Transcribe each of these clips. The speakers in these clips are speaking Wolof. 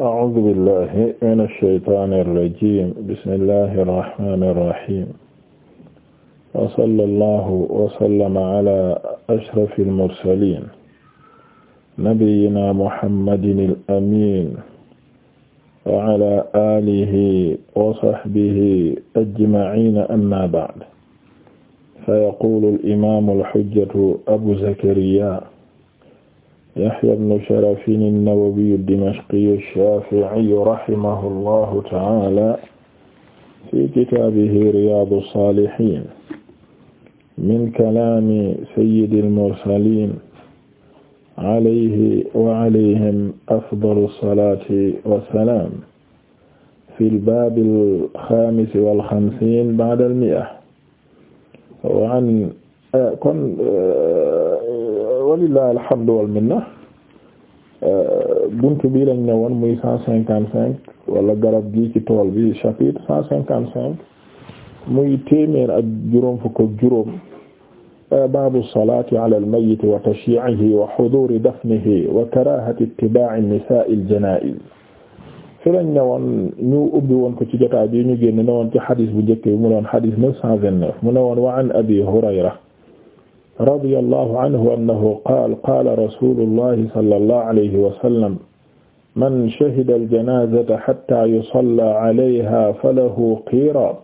أعوذ بالله من الشيطان الرجيم بسم الله الرحمن الرحيم وصلى الله وسلم على أشرف المرسلين نبينا محمد الأمين وعلى آله وصحبه أجمعين أما بعد فيقول الإمام الحجة أبو زكريا Yahya ibn Sharafin an-Nawawi ad-Dimashqi ash-Shafi'i rahimahullahu ta'ala fi kitaabihi Riyaadu s-Saalihiin min kalaami sayyidil mursaliin alayhi wa alayhim afdalu salaati wa salaam fil baabil xaamisi wal xamsiin ba'dal mi'a wa an kon walillahi alhamdu wal minna Euh, buntu bii lañ ne woon muy cent cinquante cinq wala garab gi ci tool bi chapitre cent cinquante cinq muy téeméer ak juróom fukk ak juróom euh, baabu salaati ala almayiti wa tashyi'ihi wa huduri dafnihi wa karahati ittiba'i nisaa'i aljanaa'iz fi lañ ne woon ñu ubbi woon ko ci jotaay bi ñu génn ne woon ci xadis bu njëkk bi mu ne woon xadis neuf cent vingt-neuf mu ne woon wa an abi hurayra radiyallahu anhu annahu qaala qaala rasuulullahi sallallahu alayhi wa sallam man shahida al-janaazata hattaa yusallaa alayhaa falahu qiraat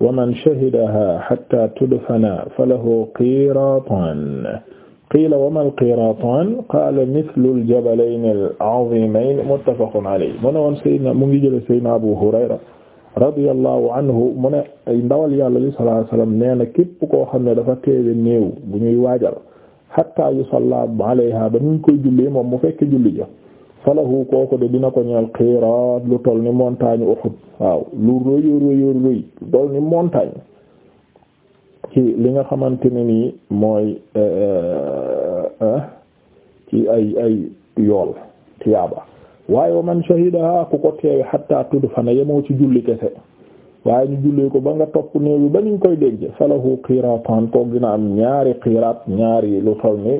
wa man shahidahaa hattaa tudfana falahu qiraataan qiila wa mal qiraataan qaala mithlu al-jabalayni al-aziimayni muttafaqun alayhi mu ne woon Seydina mu ngi jële Seydina Abu Hurayra radiyallahu anhu mu ne ay ndawal yàlla li sallallahu alayhi nee na képp koo xam ne dafa teewe néew bu ñuy waajal hatta yusalla alayha ba ñu koy jullee moom mu fekk julli ja falahu kooku de dina ko ñeel xiiraat lu toll ni montagne Uhud waaw lu rëy rëy rëy toll ni montagne ci li nga xamante ne nii mooy eh, eh, eh, ci ay ay yool tiyaaba waaye man shahidaha ku ko teewe hatta tudfana yemoo ci julli kese waaye ñu jullee ko ba nga topp néew ba ñu koy denc falahu qiraatan koog dina am ñaari qiraat ñaari lu toll ni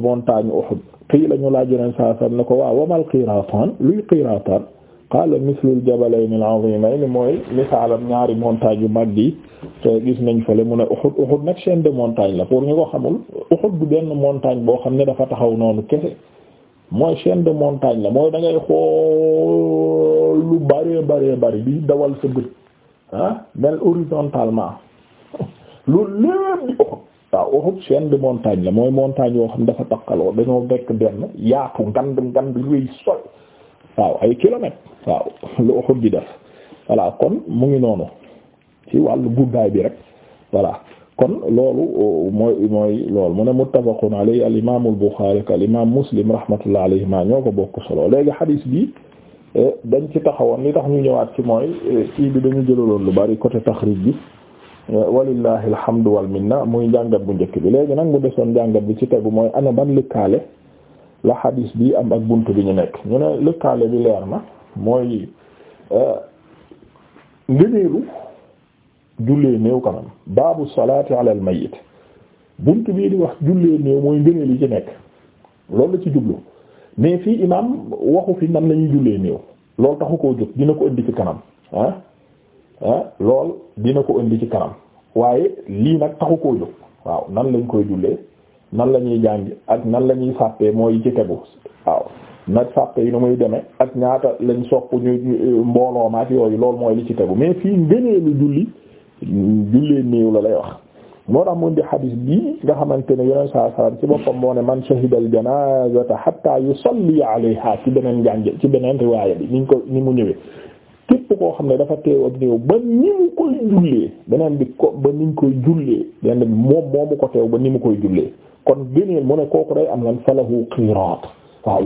montagne Uhud qiila ñu laaj yoneen saa sam ko waaw wamal qiraatan luy qiraatan qaala mislul jabalayni al-azimayni mooy misaalam ñaari montagne yu mag yi te gis nañ fële mu ne Uhud Uhud nag chaîne de montagne la pour ñu ko xamul Uhud du benn montagne boo xam ne dafa taxaw noonu kese mooy chaîne de montagne la mooy da xool lu bëree bëree bëri bi dawal sa bët ah mel horizontalement loolu lépp di oxut waaw oxut chaîne de montagne la mooy montagne yoo xam dafa takkaloo dañoo bekk benn yaatu ngand ngand luy sol waaw ay kilomètres waaw lu oxut di def voilà kon mu ngi noonu ci wàll guddaay bi rek voilà kon loolu euh, mooy mooy loolu mu ne muttafaqun alayhi al imam al bukhari al imam muslim rahmatullah alayhima ñoo ko bokk solo léegi hadith bi Eh, dañ ci taxawoon li tax ñu ñëwaat ci mooy eh, kii bi dañu jëlaloon lu bari côté taxrij bi eh, walillahi alhamdu wal minna muy njàngat bu njëkk bi léegi nag mu desoon njàngat bi ci tegu mooy ana ban lëkkaale la xadiis bi am ak bunt bi ñu nekk ñu ne lëkkaale bi leer na mooy ngëneelu jullee néew kanam baabu salaati ala al mayyit bunt bii di wax jullee néew mooy ngëneel yi ci nekk loolu la ci jublu mais fii imaam waxu fi nan la ñuy jullee néew loolu taxu ko jóg dina ko indi ci kanam ah ah lool dina ko indi ci kanam waaye lii nag taxu ko jóg waaw nan lañ koy jullee nan la ñuy jàng ak nan la ñuy sàppee mooy ci nag sàppe yi nu muy demee ak ñaata lañ sopp ñu mbooloo ma ak yooyu loolu mooy li ci tegu mais fii ngëneelu julli jullee néew la lay wax moo tax mu di xadis bii nga xamante ne yeneen saa salaam ci boppam moo ne man shahida al janazata hatta yusalli alayha ci beneen njànge ci beneen riwaaya bi niñ ko ni mu ñëwee képp koo xam ne dafa teew ak néew ba ni mu koy jullee beneen bi ko ba ni mu koy jullee beneen bi moom moomu ko teew ba ni mu koy jullee kon gëneel mu ne kooku day am lan falahu qiraat waaw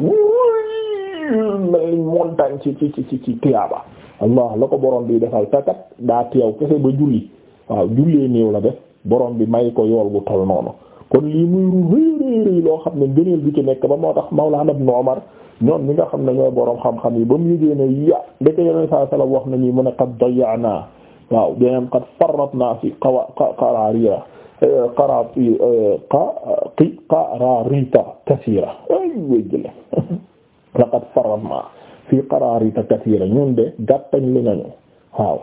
montagne ci ci ci ci tiyaaba allah la ko borom bi defal takat daa teew kese ba julli waaw jullee néew la def borom bi may ko yool gu tol noonu kon lii muy rëy rëy loo xam ne ngëneel bi ci nekk ba moo tax Mawlana Ibn Umar ñoom ñi nga xam ne ñooy borom xam-xam yi ba mu yëgee ne ya ndeke yeneen saa salaam wax nañu mu ne qad dayya'na waaw beneen qad farratna fi qawa qararira qarati qaqi qararita kathira ay wéjjle fi qararita kathira ñun de gàttañ li nañu waaw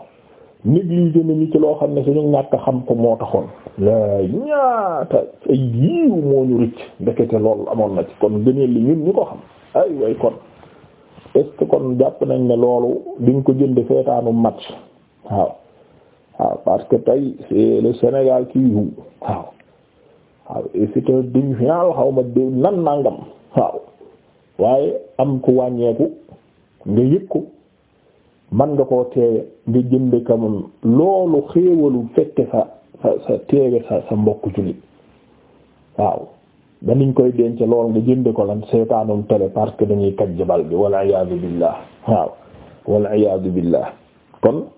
négligé nañu ci loo xam ne suñu ñàkk xam ko moo taxoon la ñaata ay yiiw moo ñu rëcc ndekete loolu amoon na ci kon gëneel li ñun ñu ko xam ay way kon est kon jàpp nañ ne loolu di ko jënd feetaanu match waaw waaw parce que tey c'est le Sénégal waaw waaw et c'est un demi-finale xaw ma nan nangam waaw waaye am ku wàññeeku nga yëg ko man nga koo teewe nga jënd ka moom loolu xéewalu fekke sa sa sa sa sa mbokk jullit waaw daniñ koy denc lool nga jënd ko la seetaanum télé parce que dañuy kaj jabal bi walla iyaatu billaah waaw walla iyaatu billaah kon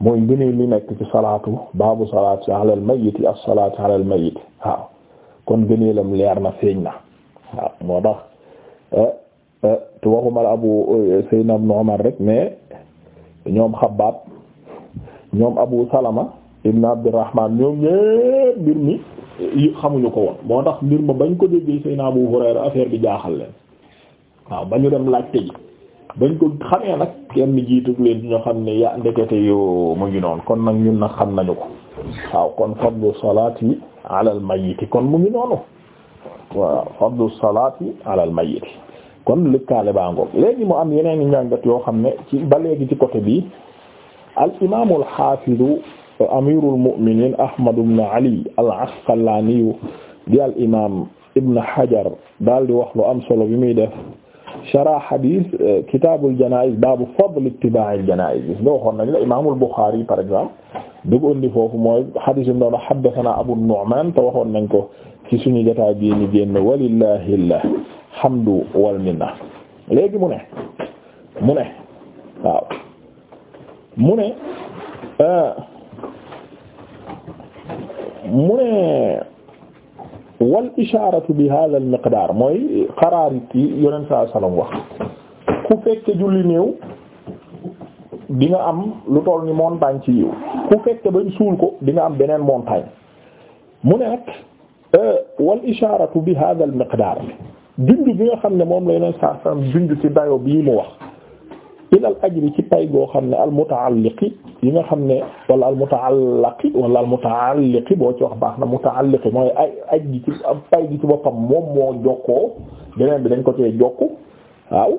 mooy ngënee nekk ci salaatu baabu salaatu alal mayiti as salaatu alal mayit waaw kon ngëneelam leer na feeñ na waaw moo tax eh, eh, te waxuma la abu eh, seynab nu Umar rek mais ñoom Xabbaab ñoom Abu Salama ibn Abdurrahman ñoom ñépp mbir mi xamuñu ko woon moo tax mbir ma bañ ko déggee Seydina Abu Hurayra affaire bi jaaxal leen waaw ba ñu dem laajte ji bañ ko xamee nag kenn jiitu leen ñoo xam ne ya ndekete yoo mu ngi noonu kon nag ñun nag xam nañu ko waaw kon fadlu salaati ala al kon mu ngi noonu waaw fadlu salaati ala al kon lëkkaale baa ngoog léegi mu am yeneen i njàngat yoo xam ne ci ba léegi ci côté bi al imaamu al xaafidu amirul mu'minin Ahmad ibn Ali al Asqalaani di al imaam Ibn Hajar daal di wax lu am solo bi muy def shara hadith kitaabul janaa'iz baabu fadl ittibaa'il janaa'iz gis nga waxoon nañ la imaamul Buxaari par exemple dugg indi foofu mooy hadith bi mu doon haddathanaa Abu Nu'maan te waxoon nañ ko. ci suñu jotaay bii ñu génn walillahi alhamdu wal léegi mu ne mu ne waaw mu ne euh, mu ne wal ishaaratu bi hadha al mooy xaraarit yi yonent saa sallam wax ku fekke julli néew di nga am lu tool ni montagne ci yiw ku fekke bañ suul ko di am beneen montagne mu ne nag Euh, wal isharatu bi hadha al miqdaar junj bi nga xam ne moom la yeneen saa saam junj ci dayo bii mu wax ila al ajri ci pay goo xam ne al muta'alliqi yi nga xam ne wala al muta'allaqi wala al muta'alliqi boo ci wax baax na muta'alliqi mooy ay aj gi ci pay gi ci boppam moom moo jokkoo beneen bi dañ ko cee jokku waaw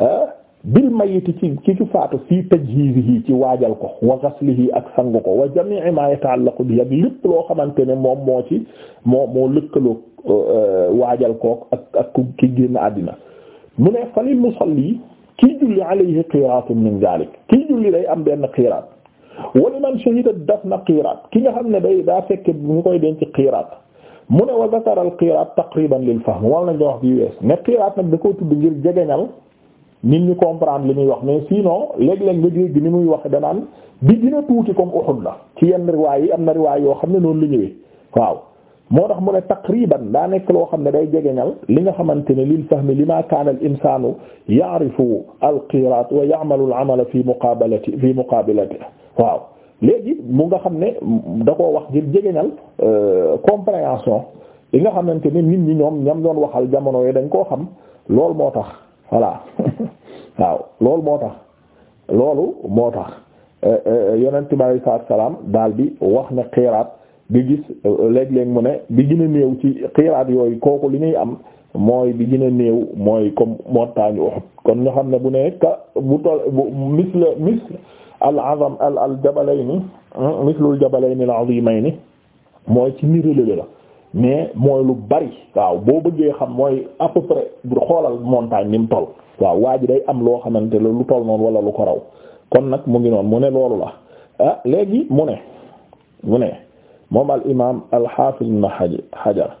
euh, bil mayiti ci ki ci faatu fii tajhizihi ci waajal ko wa ghaslihi ak sangu ko wa jami'i ma yata'allaqu bi ak lépp loo xamante ne moom moo ci moo moo lëkkaloo euh, waajal ko ak ak ki génn àddina mu ne fa lil musalli kii julli alayhi qiratun min zalik kii julli day am benn qirat wa liman shahida dafna qirat ki nga xam ne day daa fekk ñu koy denc qirat mu ne wa zakara al qirat taqriban lil fahm wala nga wax bi wees ne qirat nag da ko tudd ngir jegeñal nit ñi comprendre li muy wax mais sinon léeg-léeg nga dégg ni muy wax danaan bi dina tuuti comme Uhud na ci yenn riwaay yi am na riwaay yoo xam ne noonu la ñëwee waaw moo tax mu ne taqriban daa nekk loo xam ne day jegeñal li nga xamante ne lil fahmi lima kaana al insaanu ya'rifu al qiraat wa ya'malu al amala fi muqaabalati fi muqaabilati waaw léegi mu nga xam ne da koo wax ngir jegeñal euh, compréhension li nga xamante ne nit ñi ñoom ñam doon waxal jamono yi dañ koo xam loolu moo tax voilà waaw loolu moo tax loolu moo tax euh, euh, yonent bi alayhi salaatu salaam daal bi wax na xiraat di gis euh, léeg-léeg mu ne bi gën néew ci xiraat yooyu kooku li ñuy am mooy bi gën néew mooy comme montagne Uhud kon ñoo xam ne bu ne ka bu tol bu misle misle al azam al al jabalayni mislul jabalayni al azimayni mooy ci niréelé la mais mooy lu bari waaw boo bëggee xam mooy à près bu xoolal montagne ni mu waaw waaju ji day am loo xamante ne lu toll noonu wala lu ko raw kon nag mu ngi noonu mu ne loolu la ah léegi mu ne mu ne moom al imaam al hafiz ibn hajar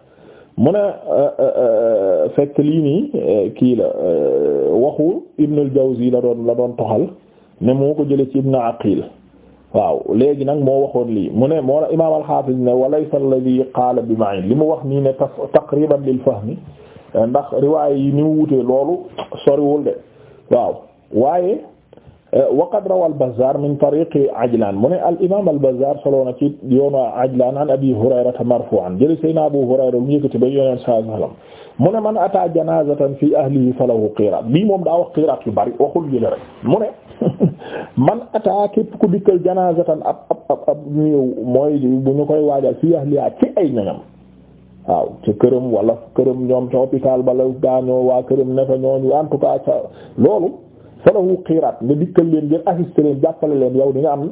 mu ne euh, euh, euh, fekk lii nii kii la waxu ibn al jawzi la doon la doon toxal ne moo ko jële ci ibn aqil waaw léegi nag moo waxoon lii mu ne moo imaam al-Hafiz ne wa laysa alladhi qaala bi Ma'in li mu wax nii ne taqriban lil fahmi ndax riwaay yi ni mu wutee loolu soriwul de waaw waaye eh, wa qad rawa al-Bazzar min tariqi Ajlan mu ne al-imaam al-Bazzar solo na ci yoonu Ajlan an Abi Hurayrata marfu'an jëli Seydina Abu Hurayra mu yëkkati ba Yonent sallallahu alayhi wasallam mu ne man ataa janaazatan fi ahlihi falahu qiraat bii moom daa wax qiraat yu bari waxul jële rek mu ne man ataa képp ku dikkal janaazatan ab ab ab ab néew mooy bu ñu koy waajal fi ahliya ci ay ñoñam waaw ca këram wala këram ñoom ca hôpital bala gaañoo waa këram ne fa ñooñu en tout cas ca loolu falahu xiraat nga dikkal leen ngeen assister leen jàppale leen yow di nga am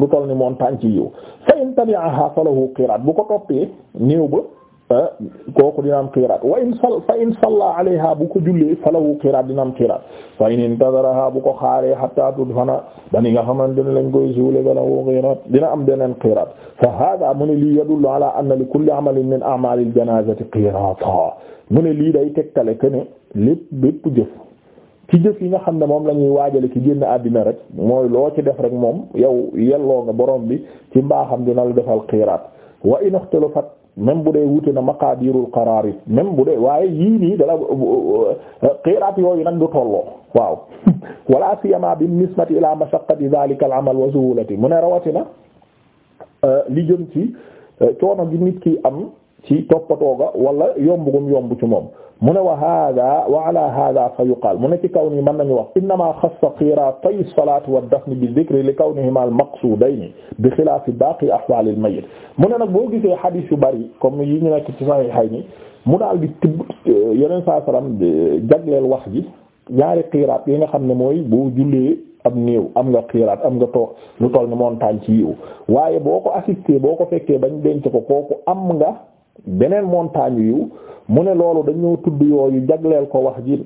lu toll ni montagne ci yiw fa in tabi'aha falahu xiraat bu ko toppee néew ba Ah, kooku dina am qiraat wa in sal fa in salla alayha bu ko jullee falahu qiraat dina am qiraat fa in intadaraha bu ko xaaree hatta tudfana dani nga xamante ne lañ koy suule bala wu qiraat dina am beneen qiraat fa hada mu ne lii yadullu ala anna li kulli amalin min a'malil janazati qiraata mu ne lii day tegtale que ne lépp lépp jëf ci jëf yi nga xam ne moom la ñuy waajale ci génn àddina rek mooy loo ci def rek moom yow yelloo nga borom bi ci mbaaxam dina la defal qiraat wa in ixtalafat même bu dee wute na maqaadirul qaraar it même bu dee waaye yii nii dala qiraat euh, euh, yooyu nag du tolloo waaw wala siyama bi nisbati ila mashaqqati dhalika al amal wa suhulati mu ne rawatina euh, li jëm ci coono gi nit ki am ci toppatoo ga wala yomb gum yomb ci moom mu ne wa hada wa ala hada fa yuqaal mu ne ci kaw nii mën nañu wax innama xassa qiraatay as-salaat wa ad-dafn bi dhikri li kawnihima al-maqsuudayni bi xilaafi baaqi ahwaal al-mayyit mu ne nag boo gisee xadiis yu bari comme yi ñu nekk ci Sahihayni mu daal di tibb yeneen saa salaam jagleel wax ji ñaari qiraat yi nga xam ne mooy boo jullee am néew am nga xiiraat am nga toog lu toll ni montagne ci yiw waaye boo ko assisté boo ko fekkee bañ denc ko kooku am nga beneen montagne yu mu ne loolu dañoo tudd yooyu jagleel ko wax ji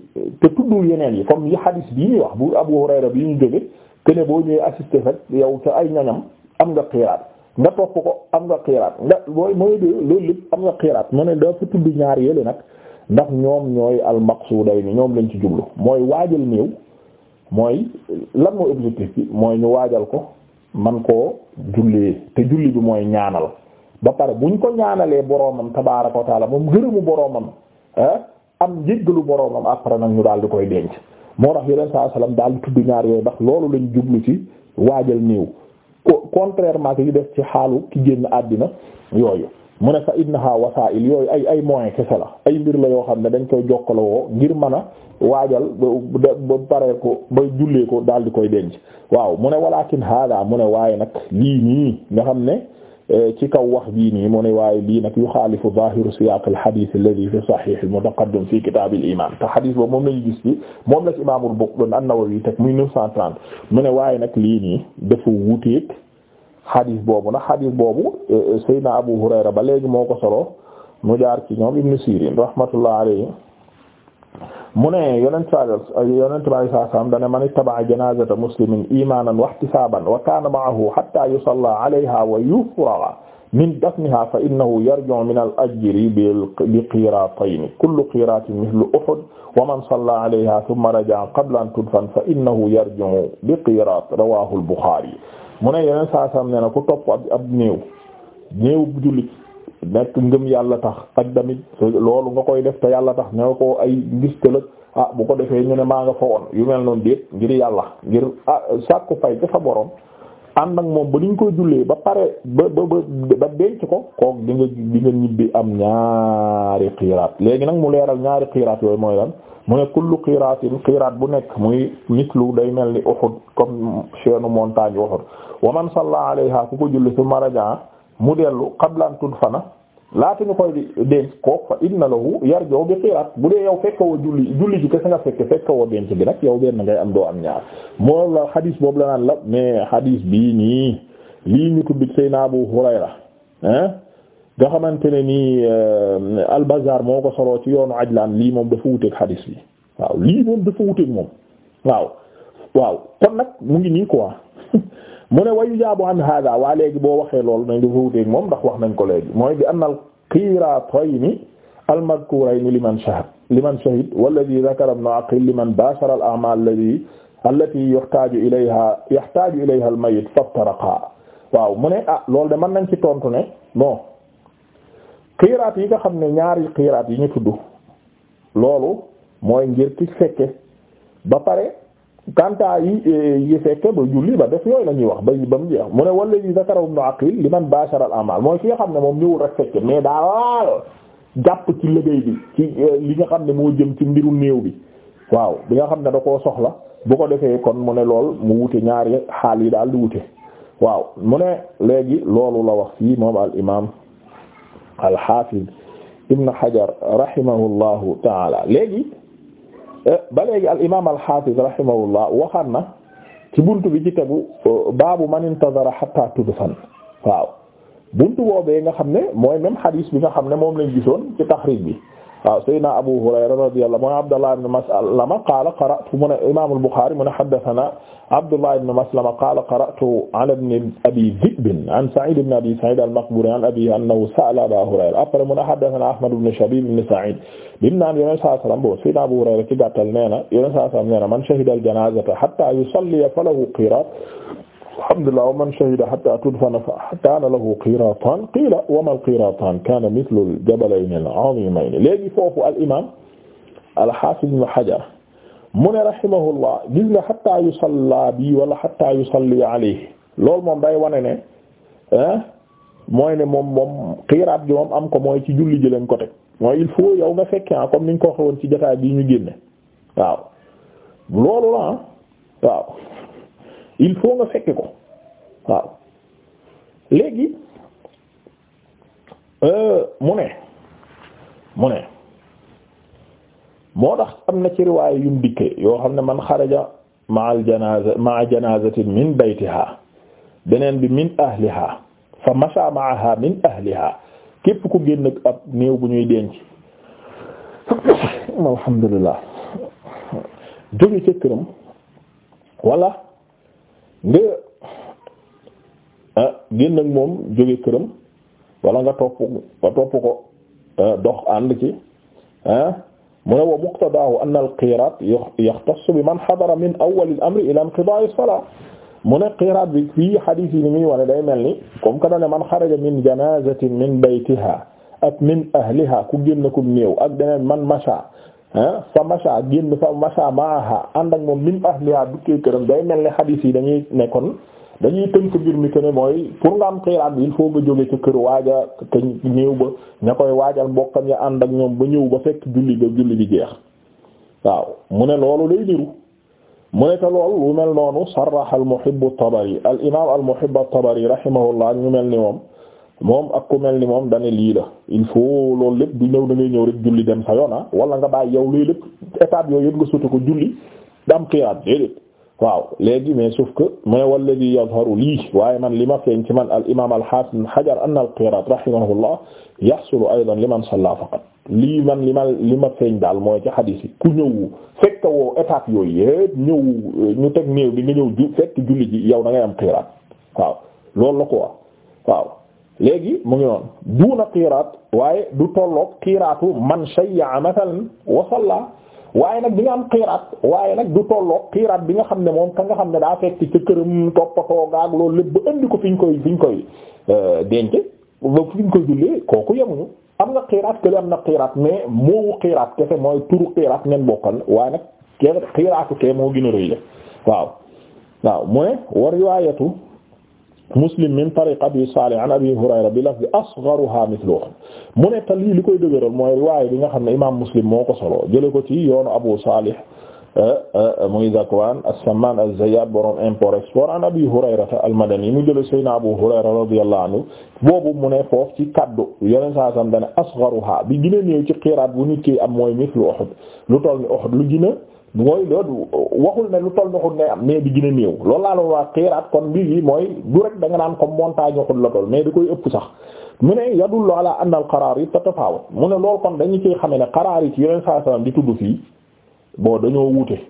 te tuddul yeneen yi comme yi hadis bii ñuy wax bu Abu Hurayra yi ñu jóge te boo ñëwee assisté rek yow ca ay ñañam am nga xiraat nga topp ko am nga xiraat nga booy mooy de loolu lépp am nga xiiraat mu ne dafa tudd ñaar yële nag ndax ñoom ñooy almaqsuday ni ñoom lañ ci jublu mooy waajal néew mooy lan mooy objectif bi mooy ñu waajal ko man koo jullee te julli bi mooy ñaanal ba pare ñu ko ñaanalee boroomam tabaaraka wa taala moom gërëmu boroomam ah am njéggalu boroomam après nag ñu daal di koy denc moo tax yeneen saa salaam daal di tudd ñaar yooyu ndax loolu lañ jublu ci waajal néew contrairement que yu def ci xaalu ki génn àddina yooyu mu ne fa innaha wasaa'il yooyu ay ay moyen kese la ay mbir la yoo xam ne dañ koy jokkale woo ngir mën a waajal ba ba paree ko ba jullee ko daal di koy denc waaw mu ne walaakin haadaa mu ne waaye nag lii nga xam ne. ci kaw wax bii ni mu ne waaye lii nag yu xaalifu zahiru siyaaq al hadith alladhi fi sahih al mutaqaddim fi kitab al iman te hadith boobu moom lañu gis ci moom la ci imaamul Bukhari an-Nawawi teg muy 930 mu ne waaye nag lii nii dafa wuteeg hadith boobu nag hadith boobu eh, Seydina Abu Hurayra ba léegi moo ko solo mu jaar ki ñoom Ibn Sirin rahmatullah alayhi mu ne yonent saa yonent bi saa saam da ne man ittaba'a janaazata muslimin iimaanan wa ihtisaaban wa kaana ma'ahu hattaa yusallaa alayhaa wa yufragha min dafnihaa fa innahu yarji'u min al-ajri bi qiraatayni kullu qiraatin mithlu Uhud wa man sallaa alayhaa thumma raja'a qabla an tudfan fa innahu yarji'u bi qiraat rawaahu al-Bukhaari mu ne yonent saa saam ne na ku topp ab néew néew bu jullit nekk ngëm yàlla tax ak damit loolu nga koy def te yàlla tax ne ko ay ngis tëlëg ah bu ko defee ñu ne maa nga fa woon yu mel noonu déet ngir yàlla ngir ah sàkku fay sa borom ànd ak moom ba ni ñu koy jullee ba pare ba ba ba denc ko kook di nga di nga ñibbi am ñaari xiraat léegi nag mu leeral ñaari xiraat yooyu mooy lan mu ne kullu xiraatin kiiraat bu nekk muy mislu day mel ni Uhud comme chaîne montagne Uhud wa man salla ku ko julli su maraja mu dellu qablan tudfana laata ñu koy denc kook fa inna lahu yarju bi qiraat bu dee yow fekk woo julli julli ji kese nga fekk fekk woo denc bi nag yow benn ngay am doo am ñaar moo la xadiis boobu la naan la mais xadiis bi nii lii ñu tudd Seydina Abu Hurayra hein nga xamante ne nii euh, al moo ko soloo ci yoonu Ajlaan lii moom dafa wuteeg xadiis bi waaw lii moom dafa wuteeg moom waaw waaw kon nag mu ngi nii quoi mu ne wayu jaabu an hada waa léegi boo waxee loolu nañ dafa wuteek moom ndax wax nañ ko léegi mooy bi anna al qiratayni al madhkurayni liman shahid liman shahid walladhi dhakara ibn aqil man bashara al a'mal alladhi allati yuhtaju ilayha yuhtaju ilayha al mayyit faftaraqa waaw mu ne ah loolu de man nañ ci tontu ne bon xiiraat yi nga xam ne ñaari xiiraat yi ñu tudd loolu mooy ngir ki fekke ba pare kanta yi eh, yi fekke ba julli ba def yooyu la ñuy wax ba ba mu jeex mu ne wala yi zakara ibn aqil li man bashara al amal mooy ki nga xam ne moom ñëwul rek fekke mais daa laal jàpp ci liggéey bi ci eh, li nga xam ne moo jëm ci mbiru néew bi waaw bi nga xam ne da koo soxla bu ko defee kon mu ne lool mu wute ñaari xaal yi daal di wute waaw mu ne léegi loolu la wax fii moom al imam al hafiz ibn hajar rahimahullahu taala léegi Eh, ba léegi al imaam al xaafiz rahimahullah waxaan na ci buntu bi ci tegu eh, baabu man intazara hatta tudfan waaw buntu boobee nga xam ne mooy même xadiis bi nga xam ne moom lañ gisoon ci taxriij bi. waaw Seydina Abu Hurayra radiyallahu anhu Abdullah ibn Maslama qaala qara'tu mu ne Imaam al-Bukhari mu ne haddathana Abdullah ibn Maslama qaala qara'tu ala ibn Abi Dhib an Sa'id ibn Abi Sa'id al-Maqburi an abiihi annahu sa'ala Aba Hurayra après mu ne haddathana Ahmad ibn Shabib ibn Sa'id bi mu naan Yonent sallallahu alayhi wa sallam bon Seydina Abu Hurayra ci gàttal nee na Yonent sallallahu alayhi wa sallam nee na man shahida al-janaazata hatta yusalliya falahu qiraat alhamdulillah wa man shahida hatta tudfana fa kaana lahu qiraatan qiila wa mal qiraatan kaana mithlu al-jabalayni al-azimayni léegi foofu al imaam al-haafiz ibn hajar mu ne rahimahullah gis nga hatta yusalla bi wala hatta yusalli alayhi loolu moom day wane ne mooy ne moom moom qiraat bi moom am ko mooy ci julli ji lañ ko teg mooy il faut yow ma fekke ah comme niñ ko waxee woon ci jotaay bii ñu génne waaw loolu ah, il faut nga fekk ko waaw léegi euh, mu ne mu ne moo tax am na ci riwaay yum dikke yoo xam ne man xaraja ma al janaza ma janazatin min baytiha beneen bi min ahliha fa masha ma'aha min ahliha képp ku génn ab néew bu ñuy denc alhamdulillah jóge ca këram nga ah moom jóge këram wala nga topp ko ah, dox ànd ci ah mu ne wa muqtadaahu anna al-qiraat yaxtassu bi man hadara min awwal al-amri ila inqidaa'i as-salaat mu ne bi fii xadiis yi ni muy wane day mel ni comme que ne man xaraja min janaazatin min baytihaa ak min ahlihaa ku génn ku néew ak beneen man masha Ah fa macha génn fa macha maaha ànd ak moom min ahliha dukkee këram day mel ni xadiis yi dañuy nekkoon dañuy tënk mbir mi que ne mooy pour nga am xiraat bi il faut nga jóge ca kër waaja te ñëw ba waajal mbokkam ya ànd ak ñoom ba ñëw ba fekk julli ba julli bi jeex waaw mu ne loolu lay niru mu ne te loolu lu mel noonu sarraha al muhibbu tabari al imaam al muhibbu tabari ñu mel ni moom moom ak ku mel ni moom dane lii la il faut lool lépp du ñëw da ngay ñëw rek julli dem sa yoon ah wala nga bàyyi yow luy lépp étape yooyu yëpp nga sotti ko julli dam xiraat déedéet waaw léegi mais sauf que mais walladi yazharu lii waaye man li ma feeñ ci man al imam al hasan hajar anna al qiraat rahimahullah yahsulu aidan liman salla faqat lii man li ma li ma feeñ daal mooy ci hadis yi ku ñëw fekk woo étape yooyu yëpp ñëw ñu teg néew bi nga ñëw ju fekk julli ji yow da ngay am qiraat waaw loolu la ko waaw léegi mu ngi noonu na kiiraat waaye du tolloog kiiraatu man shayya mathalan wa salla waaye nag di nga am qiraat waaye nag du tolloog qiraat bi nga xam ne moom ka nga xam ne daa fekk ca këram toppatoo gaag loolu lépp ba andi ko fi ñu koy fi ñu koy euh, denc ba fi ñu koy jullee kooku yemuñu am na qiraat kële am na qiraat mais moowu qiraat kese mooy turu qiraat ngeen bokkal waaye nag qiraatu kee moo gën a rëy la waaw waaw mu ne war riwaayatu muslim min tariq abi salih an abi hurayra bi lafzi asgharuha mithlu uhud mu ne lii li koy dëgëral mooy riwaaya bi nga xam ne imaam muslim moo ko solo jële ko ci yoonu abu salih eh, eh, mu Zakwan as-Samman az-Zayyat borom import export an Abi Hurayrata al-Madani mu jële Seydina Abu Hurayra radiyallahu anhu boobu mu ne foofu ci kaddu yeneen saa sam dane asgharuha bi gën a néew ci xiraat bu nit ki am mooy mithlu Uhud lu toll ni Uhud lu gën mooy loolu waxul ne lu toll ni xut ngay am mais bi gën a néew loolu laa doon wax xiraat kon mbir yi mooy du rek da nga naan comme montagne xut la toll mais da koy ëpp sax mu ne yadullu ala anna al qaraarit tatafawut mu ne loolu kon dañu ciy xame ne qaraarit yi yeneen saa salaam di tudd fii bon dañoo wute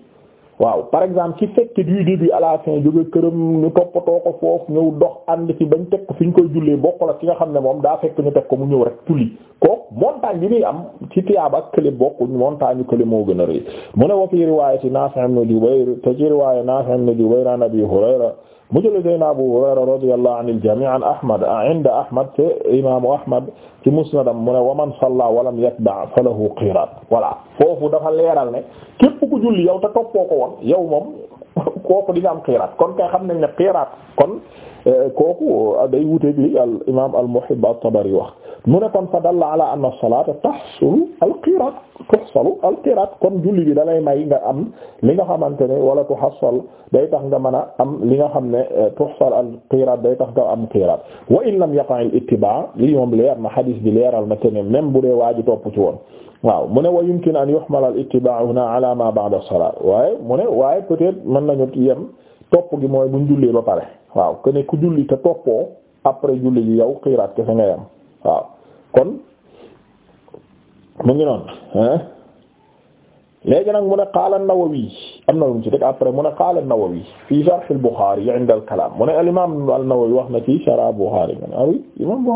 waaw par exemple ci fekk du début à la fin jóge këram ñu toppatoo ko foofu ñëw dox ànd ci bañ teg ko fi ñu koy jullee bokk la ki nga xam ne moom daa fekk ñu teg ko mu ñëw rek julli kooku montagne bi muy am ci tiyaaba ak kële bokk montagne kële moo gën a rëy mu ne wa fi riwaayati Naafi' ibn Jubayr te ci riwaaya Naafi' ibn Jubayr an Abi Hurayra mu jële Seydina Abu Hurayra radiyallahu anil jamii an Ahmad inda Ahmad te imaamu Ahmad ci musnadam mu ne wa man salla wa lam yatba' falahu qiraat voilà foofu dafa leeral ne képp ku julli yow te toppoo ko woon yow moom kooku dina am qiraat kon kay xam nañ ne qiraat kon kooku day wuteeg li al imaam al muhibb at-Tabari wax mu ne kon fa dalla ala anna as-salaata tahsulu al-qiraat tahsulu al-qiraat kon julli bi ma yi nga am li nga xamante ne wala tuhsal day tax nga mën a am li nga xam ne eh, tuhsal al-qiraat day tax nga am qiraat wa in lam yaqa' al-ittiba' li yom leer na hadis bi leeral na te ne même bu dee waaji topp ci woon waaw mu ne wa yumkin an yuhmal al-ittiba' huna ala ma ba'da as-salaat waaye mu waaye peut-être mën nañu yem topp gi mooy buñ jullee ba pare waaw que ne ku julli te toppoo après julli ji yow xiiraat kese ngay am waaw kon mu ngi noonu léegi nag mu ne qaala an-Nawawi am na lu mu ci teg après mu ne qaala an-Nawawi fi sharh al-Bukhari 'inda al-kalam mu ne al nawawi wax na ci sharh al-Bukhari man ah oui imam ne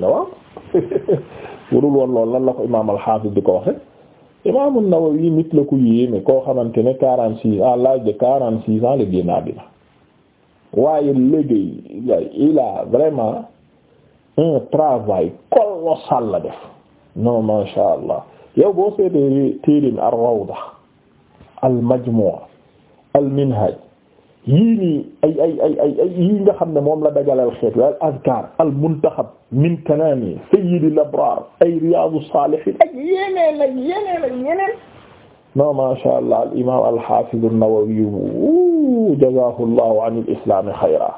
waaw budul woon loolu lan la ko imam al di ko waxe Imam An-Nawawi nit la ku yéeme koo xamante ne quarante six à l'âge de quarante six ans la génn àddina waaye liggéey il a vraiment un travail colossal la def non masha Allah yow boo seetee téerim Ar-Rawda al-Majmu' al-Minhaj yii nii ay ay ay ay ay yii nga xam ne moom la dajalal xeet wi al azkar al muntaxab min kalaami sayyidil abrar ay riyaadu saalihiin ak yeneen ak yeneen ak yeneen non masha allah al imam al hafiz an-Nawawi jazaahu llahu an al islaami xayra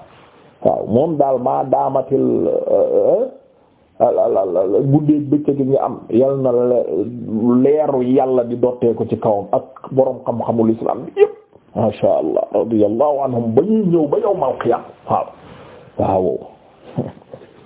waaw moom daal maa daamatil eh, guddeeg bëccëg gi nga am yal na leeru yàlla di dottee ko ci kawam ak boroom xam-xamul islam yépp masha allah radiyallahu anhum ba ñuy ñëw ba yawmal qiyaam waaw waaw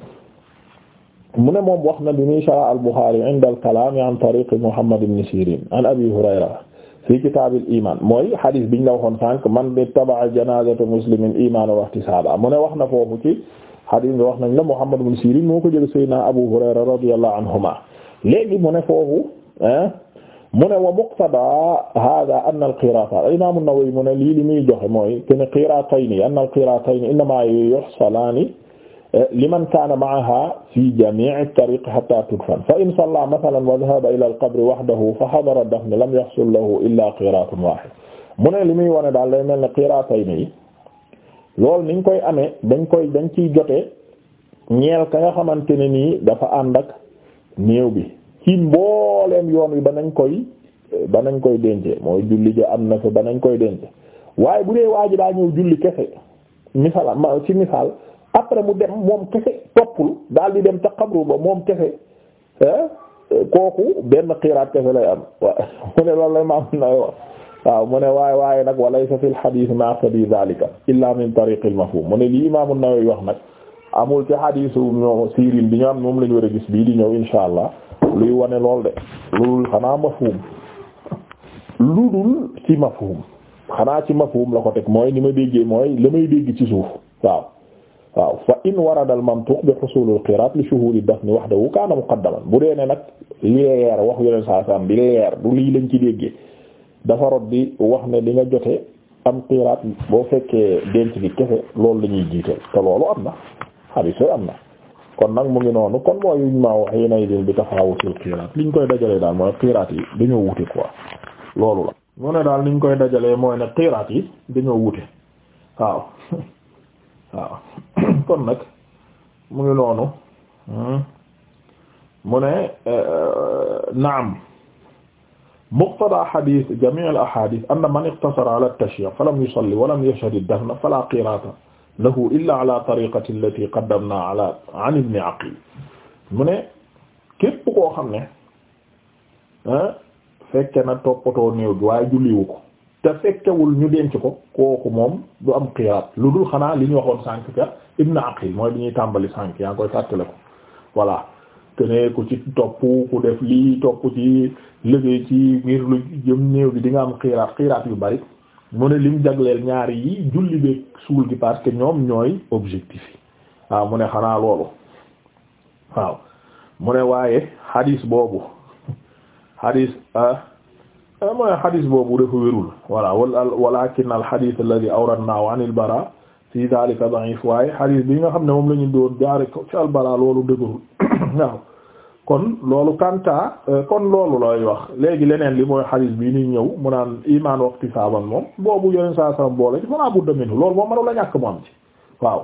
mu ne moom wax na bi muy sharh al-Bukhari inda al-kalaam an tariq Muhammad ibn Sirin an Abi Hurayra fi kitaab al-iman mooy hadith biñ la waxoon sànq man ittaba'a janaazata muslimin iimaana wa ihtisaaba mu ne wax na foofu ci hadith bi wax nañ la Muhammad ibn Sirin moo ko jël Seydina Abu Hurayra radiyallahu anhuma léegi mu ne foofu mu ne wa muqtada hada anna alqirata imam an-Nawawi mu ne lii li muy joxe mooy ken qiratayni anna alqiratayni innama yuhsalaani eh, liman kaana ma'aha fi jami'i at-tariq hatta tudfan fa in salla mathalan wa dhahaba ila al-qabri wahdahu fa hadara ad-dafn lam yahsul lahu illa qiratun wahid mu ne li muy wone daal day mel ne qiratayni yi loolu niñ koy amee dañ koy dañ ciy jotee ñeel ka nga xamante ne nii dafa ànd ak néew bi ci mbooleem yoon wi ba nañ koy ba nañ koy dencee mooy julli ja am na fa ba nañ koy dence waaye bu dee waa ji daa ñëw julli kese misala ma ci misal après mu dem moom kese toppul daal di dem ca xabru ba moom kese kooku benn xiraat kese lay am waaw mu ne loolu la maam na wax waaw mu ne waaye waaye nag walaysa fil xadiis ma sabi zalika illa min tariqil mafhum mu ne lii Imaam An-Nawawi wax nag amul ci xadiisu Siiriin bi ñu am moom la ñu war a gis bii di ñëw insha allah luy wane lool de loolu xanaa mafhum lu dul ci mafhum xanaa ci mafhum la ko teg mooy ni ma déggee mooy la may dégg ci suuf waaw waaw fa in warada al mantuq bi husul al qiraat li ni wax de wahdahu kaana muqaddaman bu dee ne nag leer wax yeneen saa saam bi leer du lii lañ ci déggee dafa rot wax ne li nga jote am qiraat boo fekkee denc bi kese loolu la ñuy jiital te loolu am na xadiis am na. kon nag mu ngi noonu kon mooy yuñ ma wax yenay din bi tafawutul qiraat liñ koy dajalee daal mooy qiraat yi dañoo wute quoi loolu la mu ne daal liñ koy dajalee mooy ne qiraat yi dañoo wute waaw waaw kon nag mu ngi noonu hmm? mu ne euh, naam muqtada hadith jami' al ahadith anna man iqtasara ala at-tashyiq falam yusalli wa lam yashhad ad-dafn fala qirata lahu illa ala tariqati allati qaddamna ala an ibn aqil mu ne képp koo xam ne ah, fekke na toppatoo néew bi waaye julliwu ko te fekkewul ñu denc ko kooku moom du am qiraat lu dul xanaa li ñu waxoon sànq ca ibn aqil mooy bi ñuy tàmbali sànq yaa ngi koy fàttale ko voilà te ne ku ci topp ku def lii topp ci liggéey ci ngir lu jëm néew bi di nga am xiiraat xiiraat yu bari mu ne lim jagleel ñaari yi julli beeg suul gi parce que ñoom ñooy objectif yi waaw mu ne xanaa loolu waaw mu ne waaye hadis boobu hadis ah, ah, mooy hadis boobu dafa wérul voilà walakin al hadith alladhi awradnahu an al bara fi dhalika da'if waaye hadis bi nga xam ne moom la ñu doon jaare ko ci al bara loolu dëgërul waaw kon loolu kanta euh, kon loolu lay wax léegi leneen li mooy xadis bi ni ñëw mu naan iman waxti saaban moom boobu yeneen saa saa boole ci falaa budda minhu loolu moom mënu la ñàkk mu am ci waaw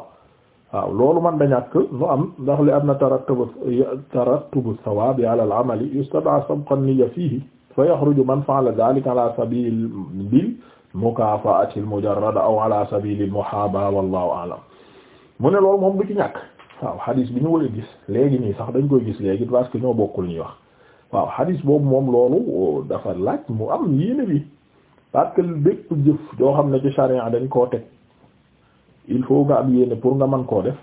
waaw loolu man da ñàkk mu am ndax li am na tarattubu tarattubu sawaabi ala al amali yustab'a sabqa niyya fihi fa yaxruju man fa'ala dhalika ala sabil bil mukaafa'ati al mujarrada aw ala sabil al muhaaba wallahu a'lam mu ne loolu moom du ci ñàkk waaw xadis bi ñu war a gis léegi nii sax dañ koy gis léegi parce que ñoo bokkul ñuy wax waaw xadis boobu moom loolu dafa laaj mu am yéene bi parce bépp jëf joo xam ne ci charia dañ koo teg il faut nga am yéene pour nga mën koo def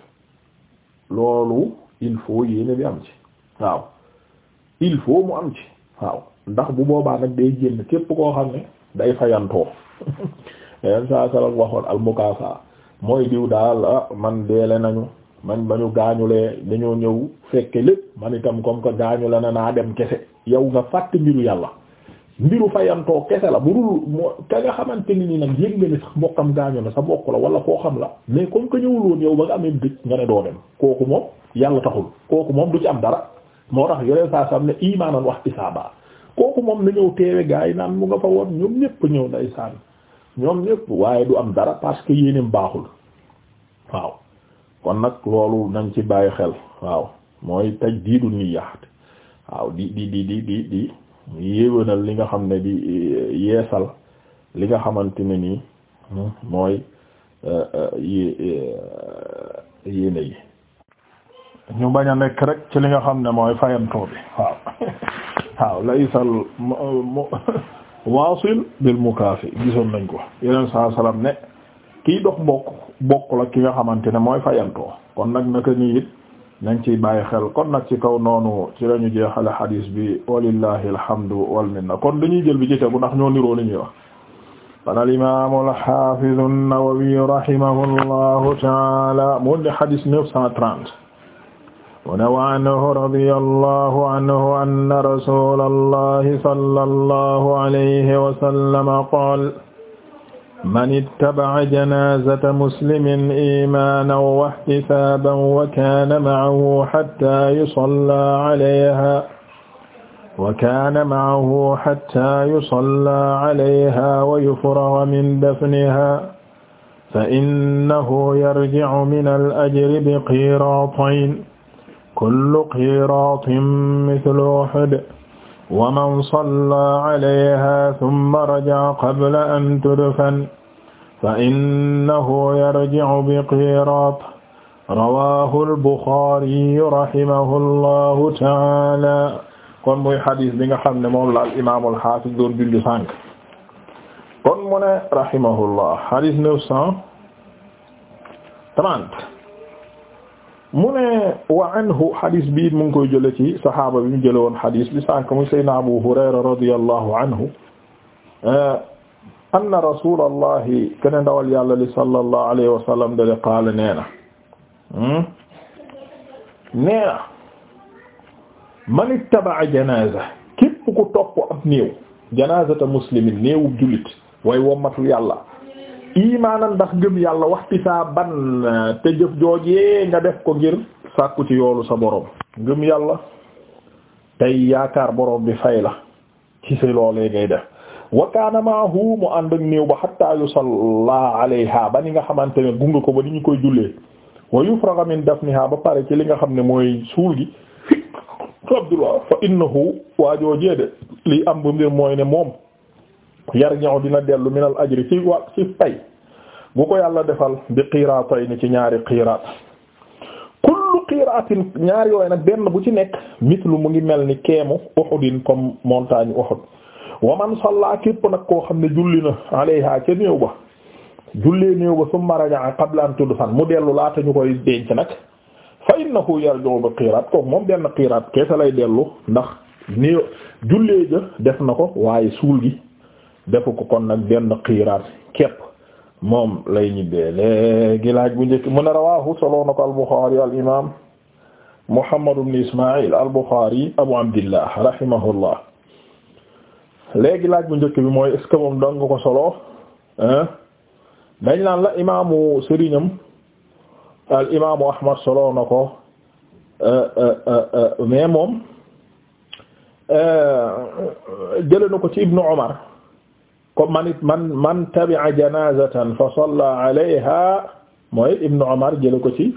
loolu il faut yéene bi am ci waaw il faut mu am ci waaw ndax bu boobaa nag day génn képp koo xam ne day fayantoo yan saa salam waxoon almukaasa mooy diw daal ah man deele nañu man ba ñu gaañulee dañoo ñëw fekke lépp man itam comme que gaañu la na naa dem kese yow nga fàtte mbiru yàlla mbiru fayantoo kese la bu dul moo ka nga xamante ni nii nag yëg nga ni sax mbokkam gaañu na sa mbokku la wala koo xam la mais comme que ñëwul woon yow ba nga amee dëj nga ne doo dem kooku moom yàlla taxul kooku moom du ci am dara moo tax yeneen saa sam ne imaanan wax isaaba kooku moom na ñëw teewe gaa yi naan mu nga fa woon ñoom ñëpp ñëw nday saan ñoom ñëpp waaye du am dara parce que yéeneem baaxul kon nag loolu nañ ci bàyyi xel waaw mooy taj diidu niyaat waaw di di di di di di li nga xam ne di e, yeesal li nga xamante ne nii mooy e, e, yéene yi ñu bañ a nekk rek ci li nga xam ne mooy fayantoo bi waaw waaw laysal waasil bil mukaafi gisoon nañ ko yeneen saa salaam ne kiy dox mbokk bokk la ki nga xamante ne mooy fayantoo kon nag naka nii it nañ ciy bàyyi xel kon nag ci kaw noonu ci lañu jeexale xadiis bi walillahi alhamdu wal minna kon dañuy jël bi ci tegu ndax ñoo niroo li ñuy wax kon al imam al hafiz an-Nawawi rahimahullahu taala mu ne xadiis neuf cent trente mu ne wa anhu radiyallahu anhu anna rasulallahi sallallahu alayhi wa sallam qaala man ittaba'a janaazata muslimin iimaanan wa ihtisaaban wa kaana ma'ahu hattaa yusallaa 'alayhaa wa kaana ma'ahu hattaa yusallaa 'alayhaa wa yufraga min dafnihaa fa-innahu yarji'u minal ajri biqiiraatayn kullu qiiraatin mithlu Uhud wa man salla alayha thumma raja'a qabla an tudfan fa innahu yarji'u bi qiraat rawaahu al-Buxaari rahimahullahu ta'aala kon muy xadis bi nga xam ne moom la al-imaam al-Haafiz doon julli sànq kon mu ne rahimahullah xadis neuf cent trente mu ne wa anhu xadis bi mu ngi koy jële ci saxaaba bi mu jële woon xadis bi sànk muy saydna abu hurayra radiyallahu anhu eh, anna rasulallahi kene ndawal yàlla li sallallahu alayhi wa sallam dale qaala nee na hmm, nee na man ittaba'a janaza képp ku topp ab néew janazata muslimin néewub jullit way wommatul yàlla imaanan ndax gëm yàlla waxti saa ban te jëf joojee nga def ko ngir sàkku ci yoolu sa borom gëm yàlla tey yaakaar boroom bi fay la ci si loolee ngay def wa kaana maahu mu ànd ak néew ba hatta yusalla alayha ba ni nga xamante ne gunga ko ba ni ñu koy jullee wa yufraga min dafniha ba pare ci li nga xam ne mooy suur gi abdullah fa innahu waajoo jeede li am bu mbir mooy ne moom yar yarji'u dina dellu minal ajri ci wa ci pay bu ko yàlla defal bi qiratayni ci ñaari qiraat kullu qiraatin ñaar yooyu nag benn bu ci nekk mislu mu ngi mel ni keemu Uhudin comme montagne Uhud wa man salla képp nag koo xam ne julli na alayha ca néew ba jullee néew ba summa raja'a qabla an mu dellu laata ñu koy denc nag fa innahu yarji'u bi qiraat kooku moom benn kiiraat keesa lay dellu ndax néew jullee ja def na ko waaye suul gi defu ko kon nag benn xiiraat képp moom lay ñibbee léegi laaj bu njëkk mu ne rawahu soloo na ko al-Bukhari al imam Muhammad ibn Ismaïl al-Bukhari Abu Abdillah rahimahullah léegi laaj bu njëkk bi mooy est moom dong nga ko soloo dañ naan la imaamu sëriñam al imaamu Ahmad soloo na ko euh, euh, euh, mais moom jële na ko ci Ibnu Umar comme man it man man tabi'a janazatan fa salla alayha mooy ibnu Umar jële ko ci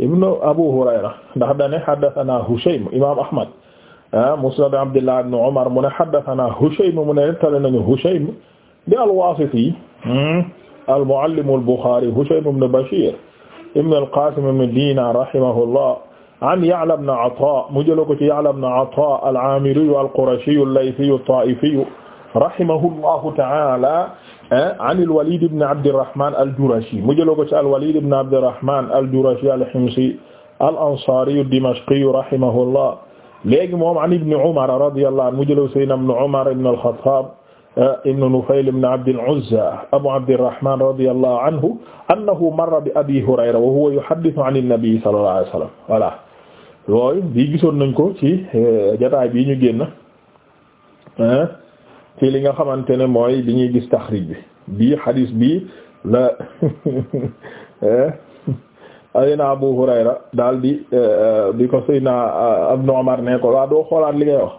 ibnu Abu Hurayra ndax dane haddathana Hushaym imam Ahmad musnad Abdullah ibn Umar mu ne haddathana Hushaym mu ne nettali nañu Hushaym di al-Wasiti hmm, al-muallim al-Bukhari Hushaym ibn Bashir ibn al-Qasim ibn Dinar rahimahullah an Ya'la ibn Ata mu jële ko ci Ya'la ibn Ata al-Amiri al-Qurashi al-Laythi at-Taifi rahimahullahu ta'ala eh, an al-Walid ibn Abdirrahman al-Jurashi mu jëloo ko ci al-Walid ibn Abdirrahman al-Jurashi al-Himsi al-Ansari ad-Dimashqi rahimahullah léegi moom an ibn Umar radiyallahu anhu mu jëloo sayyidina ibn Umar ibn al-Khattab eh, ibn Nufayl ibn Abd al-Uzza Abu Abdirrahman radiyallahu anhu annahu marra bi Abi Hurayra wa huwa yuhaddithu an an-nabi sallallahu alayhi wa sallam voilà yooyu bii gisoon nañ ko ci eh, jotaay bii ñu génn ci li nga xamante ne mooy bi ñuy gis taxrij bi bii xadiis bii la ayna Abu Hurayra daal di di eh, ko sayna eh, Ibnu Umar ne ko waaw doo xoolaat li ngay wax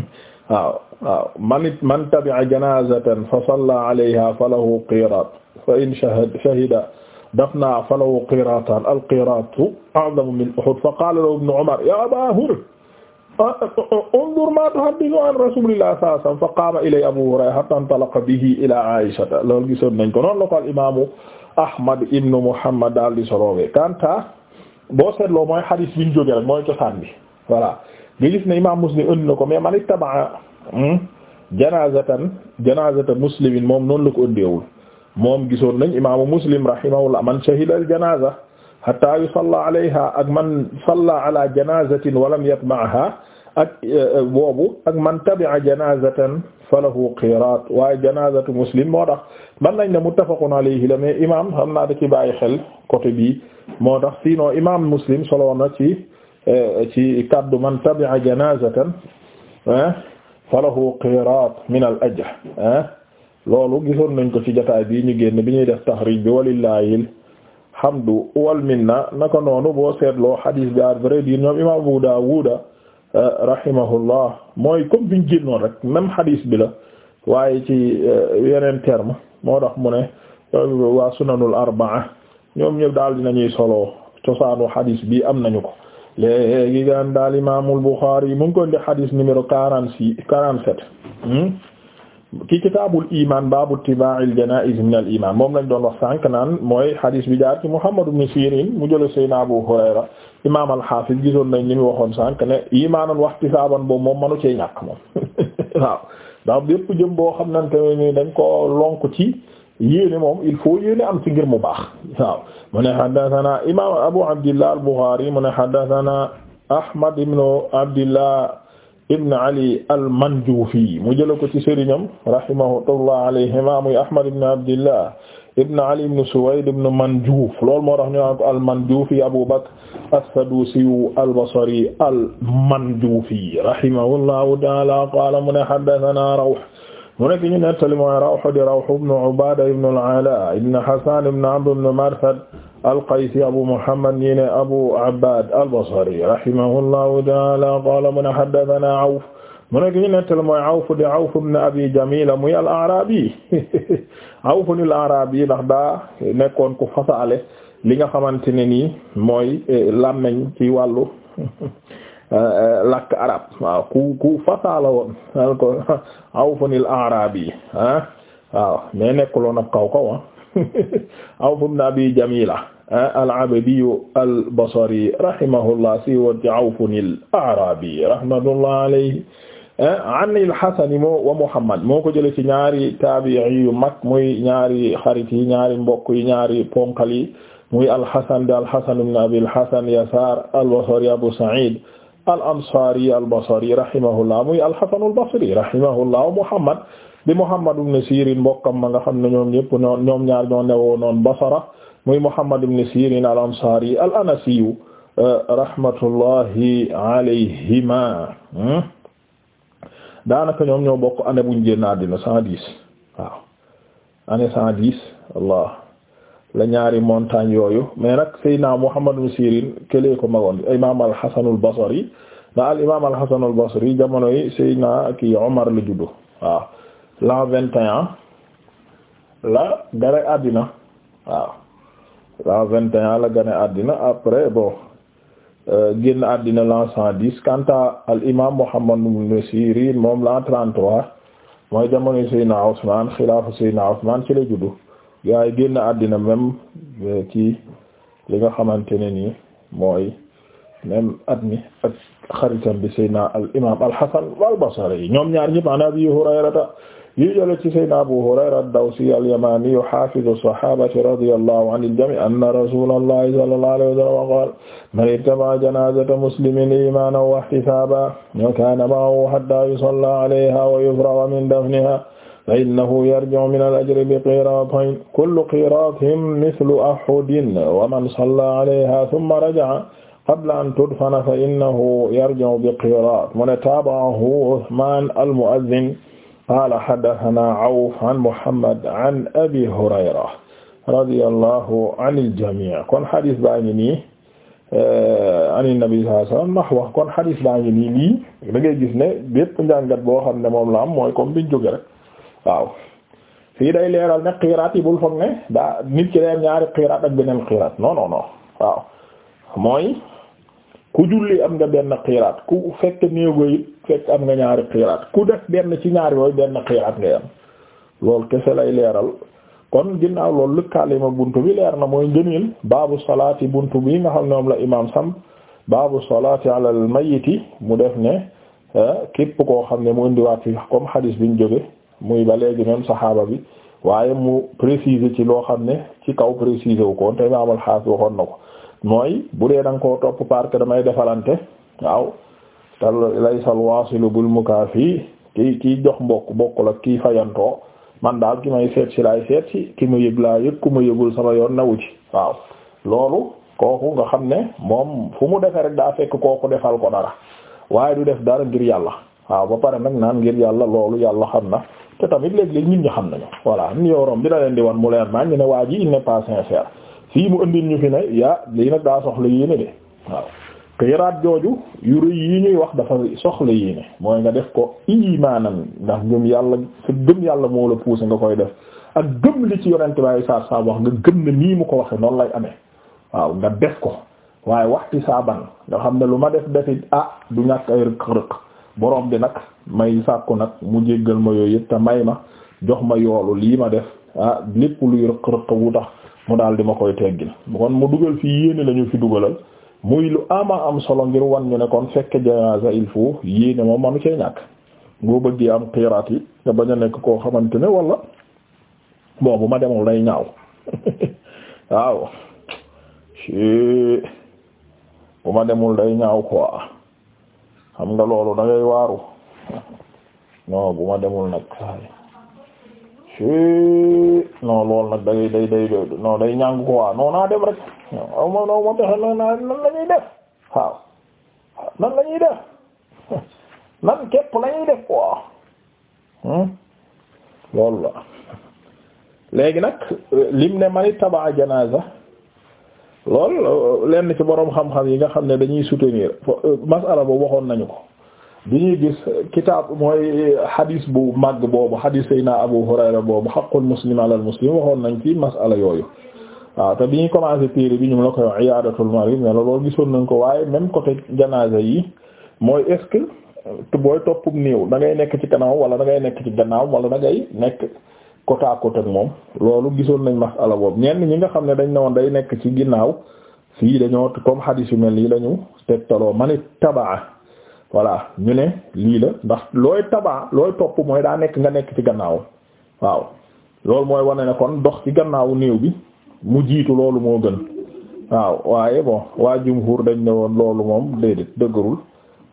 waaw waaw man it man tabi'a janazatan fa salla alayha falahu qirat fa in shahida shahida dafna falahu qiratan al qiratu a'zamu min Uhud fa qala lahu Ibnu Umar ya Aba Hurayra unzur ma tuhaddisu an rasulillah sallallahu alayhi wasallam fa qaama ilay Abu Hurayra hatta intalaqa bihi ila Aisha loolu gisoon nañ ko noonu la ko al imaamu Ahmad ibn Muhammad daal di solowee kanta boo seetloo mooy xadiis bi ñu jógee rek mooy cosaan bi voilà nga gis ne imaam Muslim indi na ko mais man ittaba'a hmm, janaazatan janaazata muslimin moom noonu la ko ëndeewul moom gisoon nañ imaamu Muslim rahimahullah man shahida al janaaza hatta yusalla alayha ak man salla ala janazatin wa lam yatba'ha ak eh, eh, boobu ak man tabi'a janazatan falahu qiraat waaye janazatu muslim moo tax man nañ ne muttafaqun alayhi la mais imam xam naa da ci bàyyi xel côté bii moo tax sinon imam muslim solo na ci eh, ci kaddu man tabi'a janazatan falahu qiraat min al ajr loolu gisoon nañ ko ci jotaay bii ñu génn bi ñuy def taxrij bi walillahil hamdu wal na naka noonu boo seetloo hadis bi à vrai dire ñoom imam Abu Dawud eh, rahimahullah mooy comme biñ génnoon rek même hadis bi la waaye ci eh, yeneen terme moo tax mu ne waa sunanul arbaa ñoom ñëpp daal dinañuy solo cosaanu hadis bi am nañu ko léegi gaan daal imamul Bukhari mu ngi ko indi hadis numéro quarante six quarante sept hmm? ki kitaabul iman baabu tibaa'il janaa'iz min al iman moom lañ doon wax sànq naan mooy hadis bi jaar ci Muhammad ibn Sirin mu jëlee Seydina Abu Hurayra imaam al-Hafiz gisoon nañ li mu waxoon sànq ne imaanan wahtisaaban boobu moom manu cee ñàkk moom waaw ndax bépp jëm boo xam ne ni dañ koo lonk ci yéene moom il faut yéene am ci ngir mu baax waaw mu ne haddathana imaam Abu Abdillah al-Bukhari mu ne haddathana Ahmad ibn Abdillah ibn ali al-Manjufi mu jëla ko ci sëriñam rahimahullah alayhima muy ahmad ibn abdillah ibn ali ibn suwayd ibn manjuuf loolu moo tax ñu naan ko al-Manjufi abu bakr as-sadusi al-basri al-Manjufi rahimahullahu ta'ala qaala mu ne haddathana rawh mu nekk ñu nettali mooy rawh di rawh ibn ubada ibn al-ala ibn hasan ibn amr ibn marsad alqaysi abu muhammad ñi abu abbad albasari rahimahullahu taala qaala mu ne haddathana awf mu ne ki nettal mooy awf di awf ibn abi jamila muy al arabi awf al arabi ndax daa nekkoon ku fasaale li nga xamante ne nii mooy eh, làmmeñ ci wàllu eh, eh, arab ku ku al ko awf al ah. nekkuloon ab kaw kaw ah. abi jamila al-Abadiyu al-Basri rahimahullah si woon ci Awfun al-A'rabi rahmatullah alayhi an al-Hasan moo wa Muhammad moo ko jëlee ci ñaari taabi'i yu mag muy ñaari xarit yi ñaari mbokk yi ñaari ponkal yi muy al-Hasan di al-Hasan ibn Abi al-Hasan Yasaar al-Basri Abu Sa'id al-Ansari al-Basri rahimahullah muy al-Hasan al-Basri rahimahullah Muhammad di Muhammad ibn Sirin mbokkam ma nga xam ne ñoom ñëpp ñoom ñaar ñoo newoo noon Basra muy Muhammad ibn Sirin al-Ansari al-Anasi rahmatullahi alayhima daanaka ñoom ñoo bokk année buñ génn àddina cent dix waaw année cent dix la ñaari montagne yooyu mais nag Seydina Muhammad ibn Sirin kelee ko magoon imam al-Hasan al-Basri da al imam al-Hasan al-Basri jamono yi Seydina kii Omar la juddu waaw l'an vingt et la dara àddina waaw l'an vingt et un la gane àddina après bo euh, génn àddina l'an cent dix quant à al imam Muhammad ibn Sirin moom l'an trente-trois mooy jamono Seydina Usman xilaafu Seydina Usman ci la juddu gaa yi génn àddina même euh, ci li nga xamante ne nii mooy même at ak xaritam bi Seydina al imam al Hasan al Basri ñoom ñaar ñëpp an Abi Hurayrata li jële ci sayyidina Abu Hurayra ad-Dawsi al-Yamani hafizu sahabati radiyallahu anil jami' anna rasulallahi sallallahu alayhi wa sallam qala man ittaba'a janazata muslimin imanan wa ihtisaban wa kana ma'ahu hatta yusalla alayha wa yufraga min dafniha fa innahu yarji'u min al-ajri bi qiratayn kullu qiratin mithlu uhudin wa man salla alayha thumma raja'a qabla an tudfana fa innahu yarji'u bi qirat mu ne tabi'ahu Uthman al-mu'adhdhin qaala haddasanaa Awf an Muhammad Abi Hurayra radiyallahu anil jamii kon hadis baa ngi nii eh, anin nabi sallallahu alayhi kon hadis baa ngi nii lii da gis ne bépp njàngat boo xam ne moom laam mooy comme biñ jóge rek waaw fii day leeral ne qiraat yi bul foog ne daa nit ki day ñaari qiraat ak beneen qiraat non non waaw mooy. ku julli am nga benn xiraat ku fekk néegoo yi fekk am nga ñaari xiraat ku def benn ci ñaar yooyu benn xiraat ngay am loolu kese lay leeral kon ginnaaw loolu lëkkalima buntu bi leer na mooy ngënil baabu salaati bunt bi nga xam ne moom la imaam sam baabu salaati ala al mayiti mu def ne eh, képp koo xam ne mu indiwaat fi comme xadis bi ñu jóge muy ba léegi même saxaaba bi waaye mu préciser ci loo xam ne ci kaw préciser wu ko te imaam al xaas waxoon na ko mooy bu dee da nga koo topp parce damay defalante waaw te laysal waasilu bil mukaafi kii kii jox mbokk mbokk la kii fayantoo man daal ki may seet si laay seet si ki ma yëg laa yëg ku ma yëgul sama yoon nawu ci waaw loolu kooku nga xam ne moom fu mu defee rek daa fekk kooku defal ko dara waaye du def dara ngir yàlla waaw ba pare nag naan ngir yàlla loolu yàlla xam na te tamit léeg-léeg nit ñi xam nañu voilà ni yorom bi da leen di wan mu leer naa ne waa ji fii mu ëndil ñu fi ne yaa lii nag daa soxla yéene de waaw xiraat jooju yu rëy yi ñuy wax dafa soxla yéene mooy nga def ko iimaanan ndax gëm yàlla sa gëm yàlla moo la poussé nga koy def ak gëm li ci yonent baay saar wax nga gëm ne nii mu ko waxee noonu lay amee waaw nga def ko waaye waxti saaban nga xam ne lu ma def defit ah du ñàkk ay rëq rëq borom bi nag may sàkku nag mu jéggal ma yooyu yëpp te may ma jox ma yoolu lii ma def ah lépp luy rëq rëq wu tax mu daal di ma koy teggil kon mu dugal fi yéene la fi dugalal muy lu ama am solo ngir wan ñu ne kon fekk janaasa il faut yéene moom manu cee ñàkk boo bëggee am xiraat yi nga bañ a nekk koo xamante ne wala bon bu ma demul day ñaaw waaw bu ma demul day ñaaw quoi xam nga loolu dangay waaru non bu ma demul nag non loolu nag day day day non day ñàng ko waa non naa dem rek aw ma naa nan la def waaw nan la ñuy def nan képp la ñuy def quoi hmm? loolu la léegi nag lim ne mani taba janaza lool lenn ci boroom xam-xam yi nga xam ne dañuy soutenir masala boobu waxoon nañu ko bi ñuy gis kitaab mooy hadis bu mag boobu hadis sayna Abu Hurayra boobu haqqul muslim ala al muslim waxoon nañ ci masala yooyu waaw te bi ñu commencé téere bi ñu la koy wax iyaadatul marid mais loolu gisoon nañ ko waaye même côté janaasa yi mooy est-ce que da ngay nekk ci kanam wala da ngay nekk ci gannaaw wala da nekk côté à côté moom loolu gisoon nañ masala boobu ñenn ñi nga xam ne dañ day nekk ci ginnaaw fii dañoo comme hadis yu mel nii dañu tegtaloo man it tabaa voilà ñu ne lii la ndax looy tabaa looy topp mooy daa nekk nga nekk ci gannaaw waaw loolu mooy wane ne kon dox ci gannaawu néew bi mu jiitu loolu moo gën waaw waaye bo waa jumhur dañ ne woon loolu moom déedéet dëgërul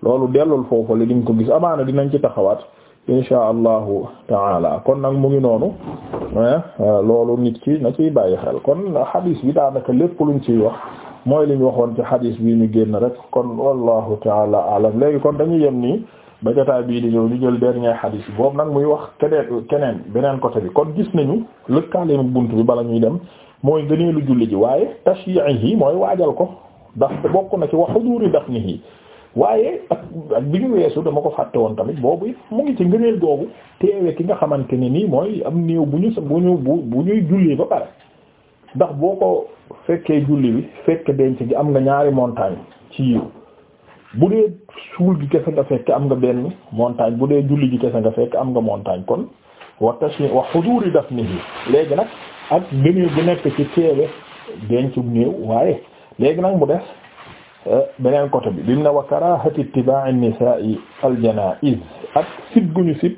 loolu dellul foofu li diñ ko gis amaana dinañ ci taxawaat insha allahu taala kon nag mu ngi noonu loolu nit ki na ciy bàyyi xel kon xadiis bi daanaka lépp luñ ciy wax mooy li ñu waxoon ci hadis bii ñu génn rek kon wallahu taala alam léegi kon dañu yem nii ba jotaay bii di ñëw ñu jël dernier hadis bi boobu nag muy wax keneen keneen beneen côté bi kon gis nañu lëkkaale bunt bi bala ñuy dem mooy gëneelu julli ji waaye tashyi'ihi mooy waajal ko ndax bokk na ci wax wa huduri dafnihi waaye ak ak bi ñu weesu dama ko fàtte woon tamit boobu mu ngi ci ngëneel googu teewe ki nga xamante ne nii mooy am néew bu ñu bu ñu bu ñuy jullee ba ndax boo ko fekkee julli bi fekk denc gi am nga ñaari montagne ci yiw bu dee suul gi kese nga fekk am nga benn montagne bu dee julli gi kese nga fekk am nga montagne kon wa tashi wa huduri dafnihi léegi nag ak gëneel bu nekk ci teewe denc néew waaye léegi nag mu des euh, beneen côté bi lim na wa karahati ittiba'i nisa'i al janaiz ak sib guñu sib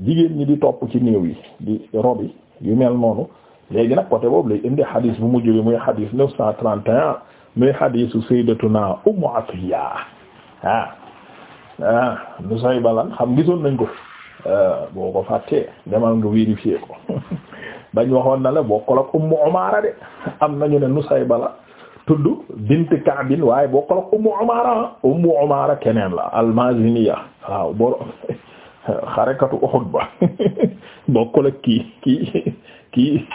jigéen ñi di topp ci néew yi di robi yu mel noonu léegi nag côté boobu lay indi xadis bu mujj bi muy xadis neuf cent trente et un muy xadisu tu Ummu Atiya ah ah nu say balan xam gisoon nañ ko euh, boo ko fàttee demal nga vérifier ko bañ waxoon na la bokkul ak Ummu Umaara de am nañu ne nu say bala tudd bint Kaabin waaye boo ak Ummu Umaara Ummu Umaara keneen la al-Maaziniya waaw boro xarekatu Uhud ba bokkul ak kii kii kii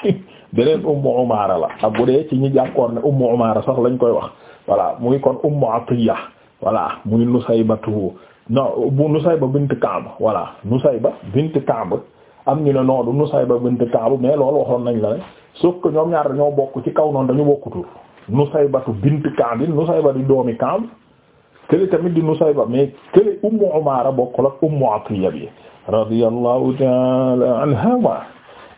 beneen Ummu Umaara la ak ah, bu dee ci ñi jàkkoor ne Ummu Umaara sax lañ koy wax voilà muy kon Ummu Atiya voilà muy Nusaybatu non bu Nusayba bint Kaab voilà Nusayba bint Kaab am ñu ne noodu Nusayba bint Kaab mais loolu waxoon nañ la ne sauf que ñoom ñaar dañoo bokk ci kaw noonu dañu bokkutul Nusaybatu bint Kaab Nusayba di doomi Kaab kële tamit di Nusayba mais kële Ummu Umaara bokkul ak Ummu Atiya bi radiyallahu ta'ala anha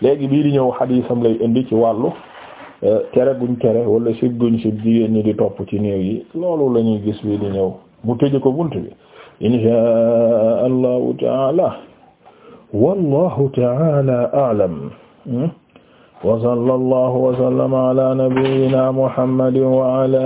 léegi bii di ñëw xadiisam lay indi ci wàllu euh, tere buñ tere wala sib buñ sib jigéen ñi di topp ci néew yi loolu la ñuy gis bii di ñëw mu tëj ko bunt bi inshaa allahu taala wallahu taala a'lam hmm? wa sallallahu wa sallama ala nabiyyina muhammadin wa ala